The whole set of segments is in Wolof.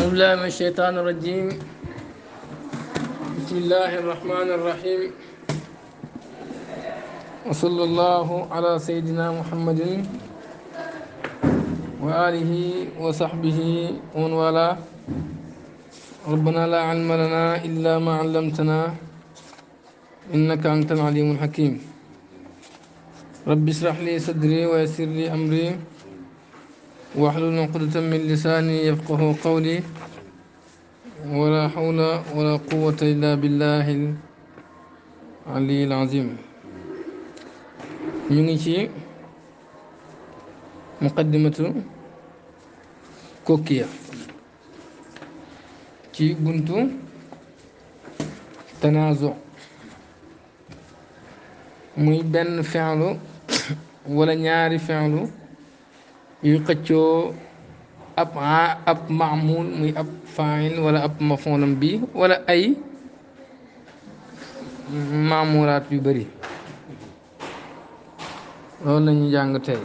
بسم الله من الشيطان الرجيم بسم الله الرحمن الرحيم وصلى الله على سيدنا محمد وآله وصحبه ومن والاه ربنا لا علم لنا إلا ما علمتنا إنك أنت العليم الحكيم رب اشرح لي صدري ويسر لي أمري واحلل نقدة من لساني يفقه قولي ولا حول ولا قوة إلا بالله العلي العظيم يونيشي مقدمة كوكيا كي بنت تنازع مي بن فعلو ولا نياري فعلو yuy xëccoo ab maamul muy ab faayil wala ab mafonam bi wala ay maamuraat yu bari loolu la ñuy jàng tey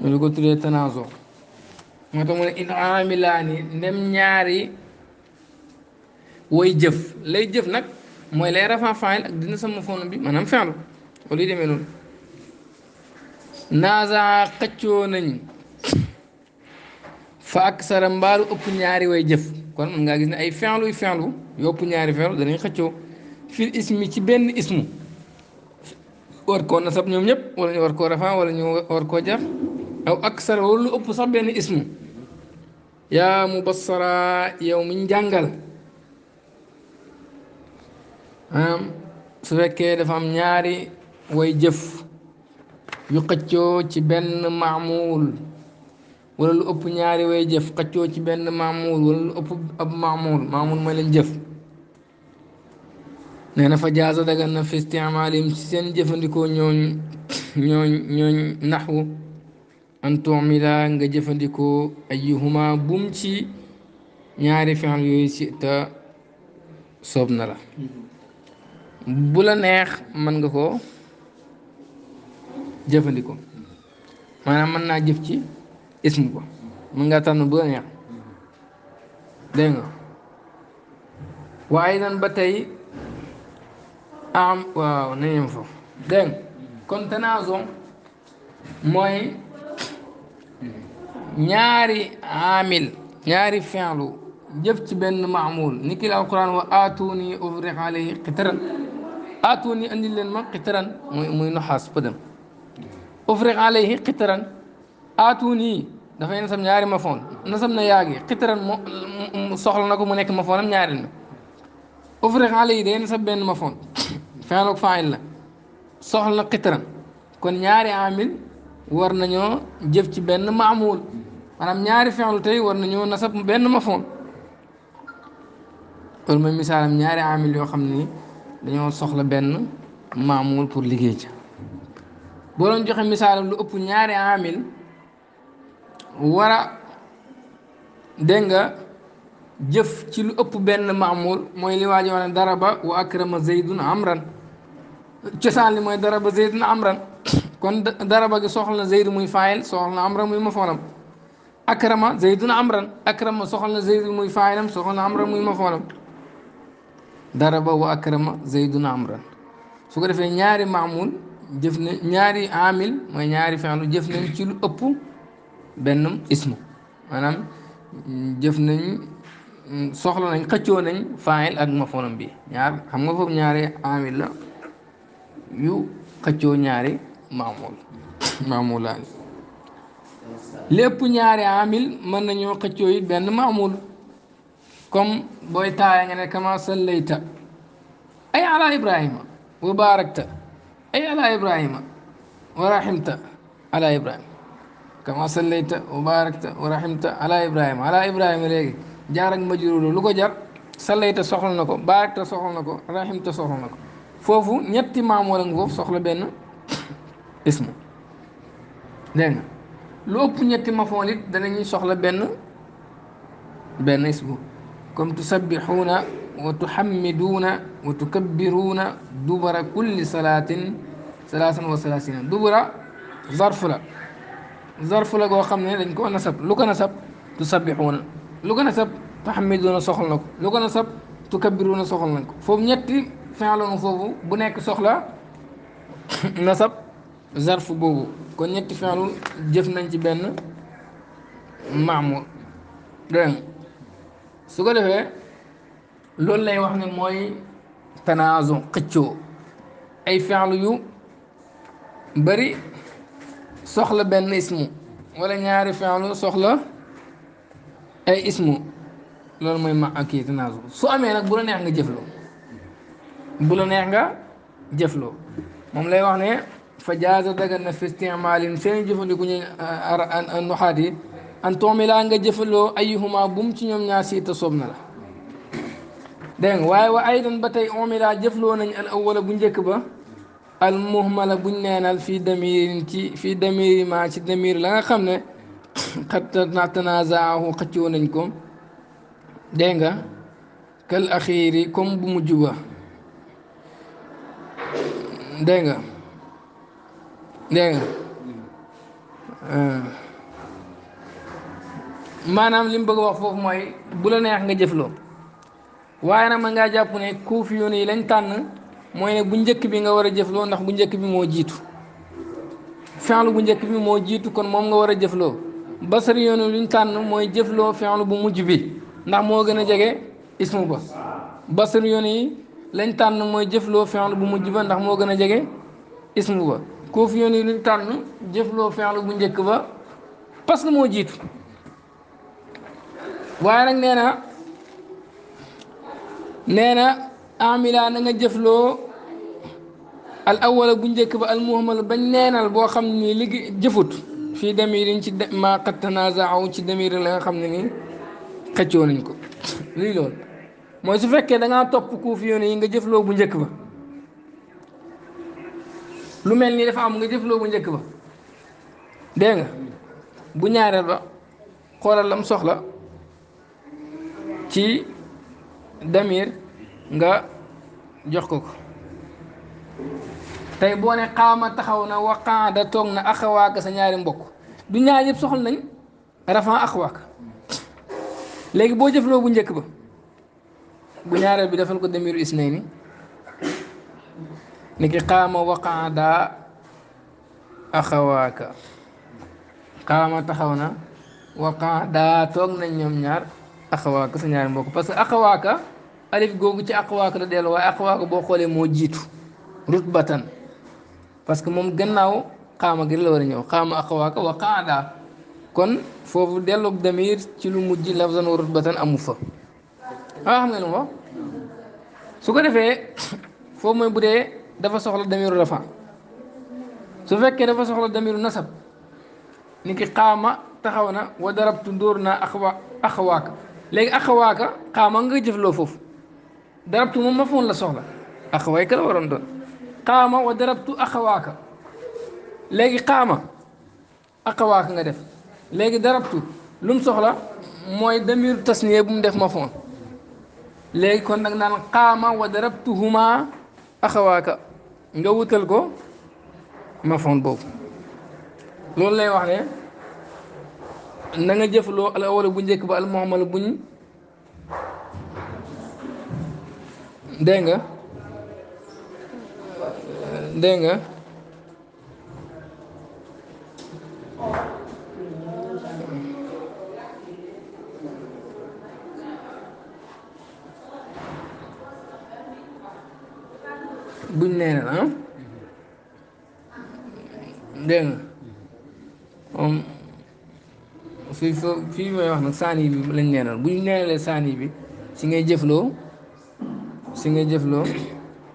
ñu ko tuddee tanaaso moo tax mu ne in aamilaani ndem ñaari woy jëf lay jëf nag mooy lay rafan faayil ak dina sama mafonam bi maanaam fenlu wala yu demee noonu نازع قتشونن فاكسر مبالو اوب نياري وي جيف كون مون غاغيس اي فعلو فعلو يوب نياري فعلو داني خيتو في الاسم تي بن اسم وار كو نصب نيوم نيب ولا ني وار ولا ني وار او اكثر ولو اوب صب بن اسم يا مبصرا يوم جانغال ام سوكي دا فام نياري وي yu xëccoo ci benn maamuul wala lu ëpp ñaari way jëf xëccoo ci benn maamuul wala lu ëpp ab maamuul maamuul mooy lañ jëf nee na fa jaaza dagan na fi istimaalim ci seen jëfandikoo ñooñ ñooñ ñooñ naxwu an tuumila nga jëfandikoo ayuhuma bum ci ñaari fexal yooyu si te na la mm-hmm. bu la neex mën nga ko jëfandikoo maanaam mën naa jëf ci ismu ko mën ngaa waaye nan ba tey am waaw nañu yem foofu dégg nga mooy ñaari amil ñaari ci benn maamul ni ki la alquran wa aatuni ufriq alayhi qitaran aatuni andil leen ma qitaran muy muy noxaas pëdam أفرغ عليه قطرا آتوني دافاي نسام نياري مافون نسام نا ياغي قطرا سوخلا نكو مو نيك مافونم نياري أفرغ عليه دي نسام بن مافون فعلوك فاعل لا سوخلا قطرا كون نياري عامل وار نانيو جيف سي بن معمول مانام نياري فعل تاي وار نانيو نسام بن مافون كون مي مثالام نياري عامل يو خامني دانيو سوخلا بن معمول pour ليغيجي boo joxe misaalam lu ëpp ñaari amil war a dégg nga jëf ci lu ëpp benn maamul mooy li waaji wax ne daraba wa akrama zeydun amran cosaan li mooy daraba zeydun amran kon daraba gi soxla zeydu muy faayil soxla amran muy mafoolam akrama zeydun amran akrama soxla zeydu muy faayilam soxla amran muy mafoolam daraba wa akrama zeydun amran su ko defee ñaari maamul jëf nañ ñaari amil mooy ñaari fenlu jëf nañ ci lu ëpp benn ismu maanaam jëf nañ soxla nañ xëccoo nañ faayil ak mafoonam bi ñaar xam nga foofu ñaari amil la yu xëccoo ñaari maamul maamulaan lépp ñaari amil mën nañoo xëccoo it benn maamul comme booy taaya nga ne kama sallayta ay ala ibrahima wa baarakta أي على إبراهيم ورحمت على إبراهيم كما صليت وباركت ورحمت على إبراهيم على إبراهيم léegi jaar ak majruur lu ko jar sallayta soxla na ko baarakta soxla na ko rahimta soxla na ko foofu ñetti maam wala nga foofu soxla benn ismu dégg nga lu ëpp ñetti mafoon it danañuy soxla benn benn ismu comme tusabbixuuna وتحمدون وتكبرون دبر كل صلاة ثلاثا وثلاثين دبر ظرف لا ظرف لا جو خم نين كون نسب لو كان نسب تسبحون لو كان نسب تحمدون سخن لك لو كان نسب تكبرون سخن لك فوب نيتي فعلون فوب بنيك سخلا نسب ظرف بوبو كون نيتي فعلون جيف نانتي بن معمول دين سوغالي فيه loolu lay wax ne mooy tanaazu xëccoo ay fenlu yu bari soxla benn ismu wala ñaari fenlu soxla ay ismu loolu mooy ma kii tanaazu su amee nag bu la neex nga jëfloo bu la neex nga jëfloo moom lay wax ne fa jaaza dagan na fi istimaalin seen jëfandiku ñu nuxaat yi an toomilaa nga jëfaloo ayuhuma bum ci ñoom ñaar siita soob na la dégg nga waaye wa aydan ba tey umila jëfloo nañ al awwala bu njëkk ba al muhmala buñ neenal fii damirin ci fii damiri ma ci damir la nga xam ne xat tanazaahu xëccoo nañ ko dégg nga kal axiiri comme bu mujj ba dégg nga dégg nga maanaam li mu bëgg wax foofu mooy bu la neex nga jëfloo waaye nag mën ngaa jàpp ne kuufi yoon yi lañ tànn mooy ne bu njëkk bi nga war a jëfloo ndax bu njëkk bi moo jiitu fenlu bu njëkk bi moo jiitu kon moom nga war a jëfloo basari yoon yi tànn mooy jëfloo fenlu bu mujj bi ndax moo gën a jege ismu ba basari yoon yi lañ tànn mooy jëfloo fenlu bu mujj ba ndax moo gën a jege ismu ba kuufi yoon yi luñ tànn jëfloo fenlu bu njëkk ba parce que moo jiitu waaye nag nee na نينا اعملا نغا جفلو الاول بو نديك با المهمل با نينال بو خامني لي جفوت في دمير ما قد تنازعوا في دمير لا خامني ني خاتيو نينكو لي لول موي سو فكه داغا توپ كوف يوني نغا جفلو بو نديك با لو ملني دا فام نغا جفلو بو نديك با دينغا بو نياارال با خولال لام سوخلا تي damir nga jox ko ko tey boo ne xaama taxaw na wa qaada toog na axawaaka ñaari mbokk du ñaar yëpp soxla nañ rafan boo jëfloo njëkk ba ñaareel bi defal ko damiru isnayni ni ki xaama wa qaada axawaaka taxaw na wa toog nañ ñoom ñaar axawaaka sa ñaari mbokk parce que axawaaka alif googu ci aqwaak la dellu waaye aqwaak boo xoolee moo jiitu rutbatan parce que moom gannaaw xaama gi la war a ñëw xaama aqwaaka wa qaada kon foofu delloog damir ci lu mujj lafzan wa amu fa ah, nga lu ma su ko defee foofu mooy bu dee dafa soxla damiru rafa fekkee dafa soxla damiru nasab ni ki xaama taxaw na wa darabtu dóor léegi axawaaka xaama nga jëfloo foofu ضربت moom maf'uul la soxla axawayka la waroon doon qaama wa darabtu axawaaka léegi qaama axawaaka nga def legi darabtu lu mu soxla mooy damiru tasniye bu mu def maf'uul léegi kon nag naan qaama wa darabtuhuma axawaaka nga wutal ko maf'uul boobu loolu lay wax ne na nga jëfloo al awal bu njëkk ba al mu'mal buñ dégg nga dégg nga buñ nee na ah dégg nga moom fii fii may wax nag saani bi lañ neenal buñ neenalee saani bi si ngay jëfloo سينغ جفلو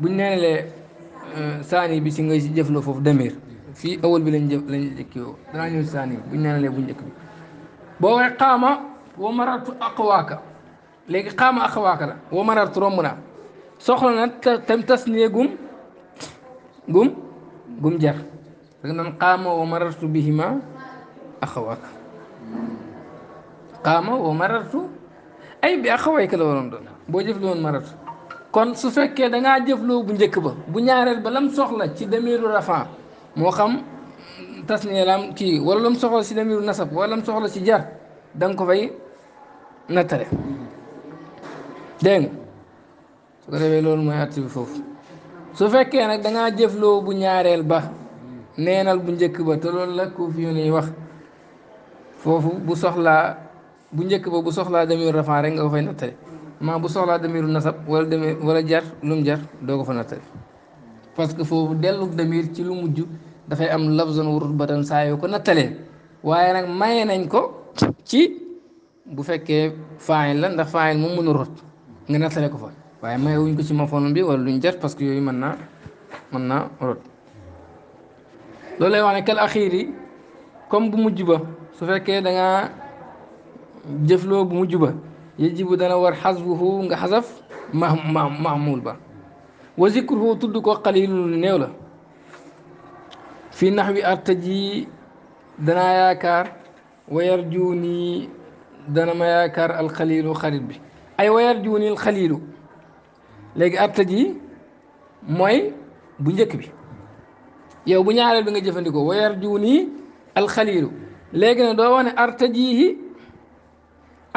بن نيل ثاني بي جفلو فوف دمير في اول بي لن جف لن جكيو ثاني ثاني بن نيل بن جك بو قام ومرت اقواك لغي قام اخواك ومرت رمنا سخلنا تم تسنيغم غم غم جار لكن قام ومررت بهما اخواك قام ومررت اي باخويك لو رمضان بو جفلو مررت kon su fekkee dangaa jëfloo bu njëkk ba bu ñaareel ba lam soxla ci demiru rafan moo xam tas ne lam kii wala lam soxla ci demiru nasab wala lam soxla ci jar danga ko fay nattale dégg nga foofu su fekkee nag da ngaa bu ñaareel ba neenal bu njëkk ba te la ku fi wax foofu bu soxlaa bu njëkk ba soxlaa demiru rafan nga ko maa bu soxlaa damiru nasab wala demee wala jar lu mu jar doo ko fa nattali parce que foofu dellu damir ci lu mujj dafay am labzan ba rutbatan saa yoo ko nattalee waaye nag maye nañ ko ci bu fekkee faayil la ndax faayil moom mën a rot nga nattale ko fa waaye maye wuñ ko ci mafoon bi wala luñ jar parce que yooyu mën naa mën naa rot loolu lay wax ne kal axiir comme bu mujj ba su fekkee da ngaa jëfloo bu mujj ba. يجب دنور حذفه حذف معمول با وذكره تدك قليل نولا في نحو ارتجي دنا ياكار ويرجوني دنا ما ياكار الخليل خليل بي اي ويرجوني الخليل لك ارتجي موي بو نيك بي ياو بو نيارال بيغا جيفانديكو ويرجوني الخليل لك دو وني ارتجيه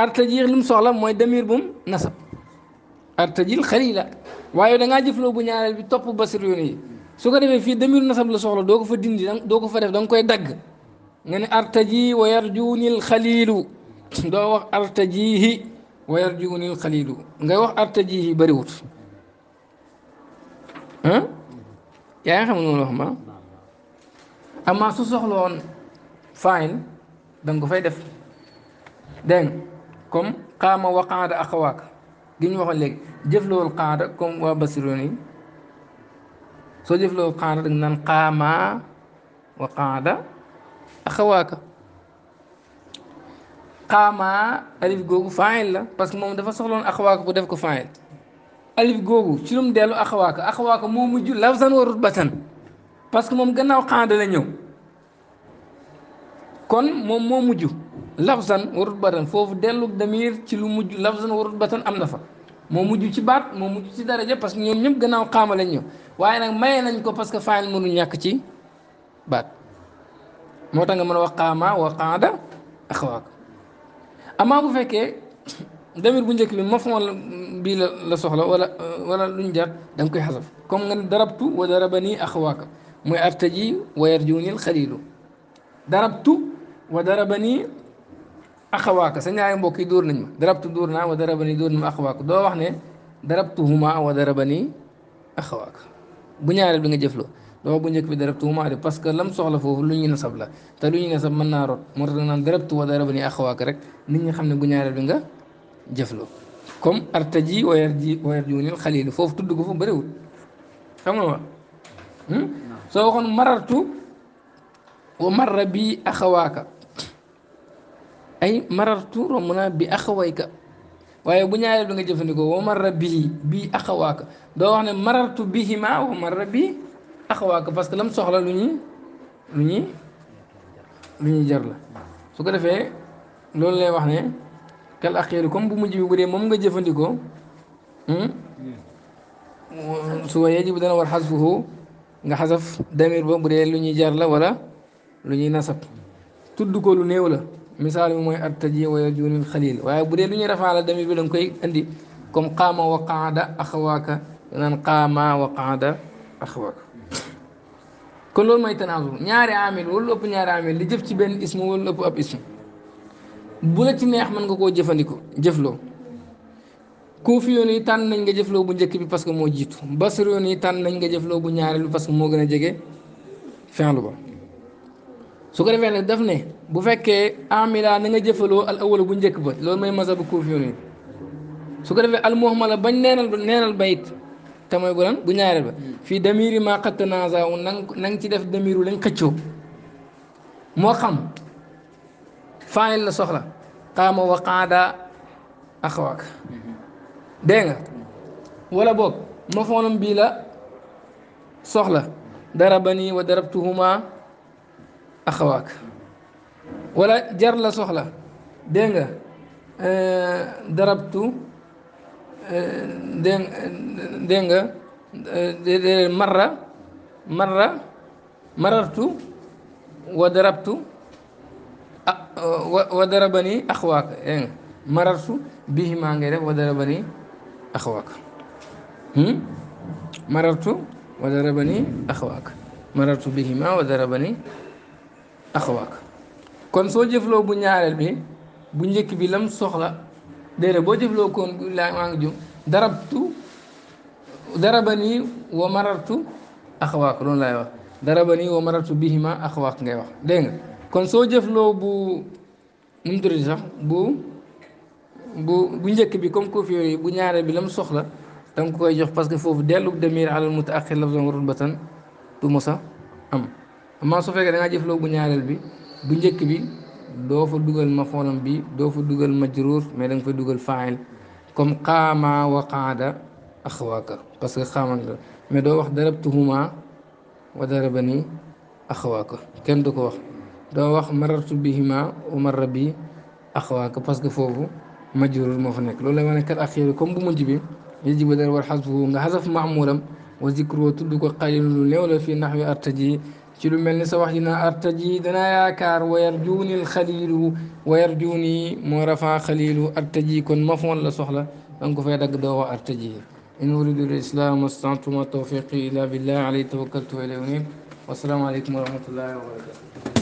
artajir lu soxla mooy damir bu mu nasab artajil xali la waaye dangaa ngaa jëfloo bu ñaareel bi topp basir yoon yi su ko defee fii damir nasab la soxla doo ko fa dindi doo ko fa def da koy dagg ne artaji wa yarjunil xaliilu doo wax artajihi wa yarjunil xaliilu ngay wax artajihi bëriwut ah yaa ngi xam wax ma amaa su soxla woon fine da ko fay def dégg comme qaama wa qaada axawaaka gi ñu waxoon léegi jëflawul qaada comme waa basiroon yi soo jëflawul qaada dag naan qaama wa qaada axawaaka qaama alif googu faayil la parce que moom dafa soxloon axawaaka bu def ko faayil alif googu ci lu mu dellu axawaaka axawaaka moo mujj lafzan wa rutbatan parce que moom gannaaw qaada la ñëw kon moom moo mujj lafzan wa rutbatan foofu dellug damir ci lu mujj lafzan wa rutbatan am na fa moo mujj ci baat moo mujj ci daraja parce que ñoom ñëpp gannaaw xaama lañ ñëw waaye nag maye nañ ko parce que faayil mënu ñàkk ci baat moo nga mën wax xaama wa xaada axawaak amaa bu fekkee damir bu njëkk bi mafoon bii la la soxla wala wala luñ jar da koy xasaf comme nga darabtu wa darabani axawaaka muy artaji wa yarjuunil xaliilu darabtu wa darabani أخواك سنعي بوكي دور نجمة ضربت دورنا وضربني دورنا أخواك دو وحنا ضربتهما وضربني أخواك بنيار بنجي جفلو doo bu njëkk bi darabtuhuma de parce que lam soxla foofu lu ñuy nasab la te lu ñuy nasab mën naa rot moo tax naan darabtu wa darabani axawaak rek nit ñi xam ne bu ñaareel bi nga jëfloo comme artaji wa yarji wa yarjunil xalil foofu tudd ko fa bëriwul xam nga ma soo waxoon marartu wa marra bi axawaaka ay marartu romb naa bi axawayka waaye bu ñaareel bi nga jëfandikoo wa marra bihi bii axawaaka doo wax ne marartu bihima wa marra bi axawaaka parce que lam soxla lu ñuy lu ñi lu ñuy jar su ko defee loolu lay wax ne kal axiiru comme bu mujj bi bu dee moom nga jëfandikoo hmm? su wa yajibu dana war xasfuhu nga xasaf damir ba bu dee lu ñuy jar la wala lu ñuy nasab tudd ko lu néew la مثال موي ارتجي ويجون الخليل واي بودي لوني رفع على دمي بي دنجكاي اندي كوم قام وقعد اخواك نان قام وقعد اخواك كل لول ماي تنازو نياري عامل ولا اوب نياري عامل لي جيف سي بن اسم ولا اوب اب اسم بولا تي نيه مان نكو جيفانديكو جيفلو كوفي يوني تان نان nga جيفلو بو نجيكي بي باسكو مو جيتو بصر يوني تان نان nga جيفلو بو نياري لو باسكو مو غنا جيغي فين su ko defee nag daf ne bu fekkee amila na nga jëfaloo al awal bu njëkk ba loolu mooy mazhabu kuufiyoon su ko defee al muhmala bañ neenal neenal bayit te mooy bu lan bu ñaareel ba fii damiri maa xatt naazaaw na na nga ci def damiru lañ xëccoo moo xam faanil la soxla xaama wa qaada axawaak dégg nga wala boog mafoonam bii la soxla darabani wa darabtuhuma axawaak wala jar la soxla dégg nga eh, darabtu eh, dégg dégg nga eh, mara marra marartu wa darabtu ah, wa darabani axawaak dégg nga marartu bihi maa ngay def wa darabani axawaak hmm? marartu wa darabani axawaak marartu bihi wa darabani axawaak kon soo jëfloo bu ñaareel bi bu njëkk bi lam soxla déedéet boo jëfloo koon laa maa ngi jum darabtu darabani wa marartu axawaak loolu laay wax darabani wa marartu bihima axawaak ngay wax dégg nga kon soo jëfloo bu nu mu tudd sax bu bu bu njëkk bi comme ko fi yooyu bu ñaareel bi lam soxla da nga koy jox parce que foofu dellu demir alal mutaaxir lafzan rutbatan du mosa am amma su fekkee da ngaa jëf loo bu ñaareel bi bu njëkk bi doo fa dugal mafoolam bi doo fa dugal majruur mais da nga fa dugal faayil comme qaama wa qaada axawaaka parce que xaamal la mais doo wax darabtuhuma wa darabani axawaaka kenn du ko wax doo wax marartu bihima wa marra bi axawaaka parce que foofu majruur moo fa nekk loolu la ma kat axiru comme bu mujj bi yajibu dar war xasbuhu nga xasaf maamuram wa zikru wa tudd ko qalilun lu néew la fii naxwi artaji شلو ملني سواح جنا أرتجي دنا يا كار ويرجوني الخليل ويرجوني مرفع خليل أرتجي كن مفون لصحلة أنكو في دق دوا أرتجي إن أريد الإسلام واستعنت وما توفيقي إلا بالله عليه توكلت وإليه والسلام عليكم ورحمة الله وبركاته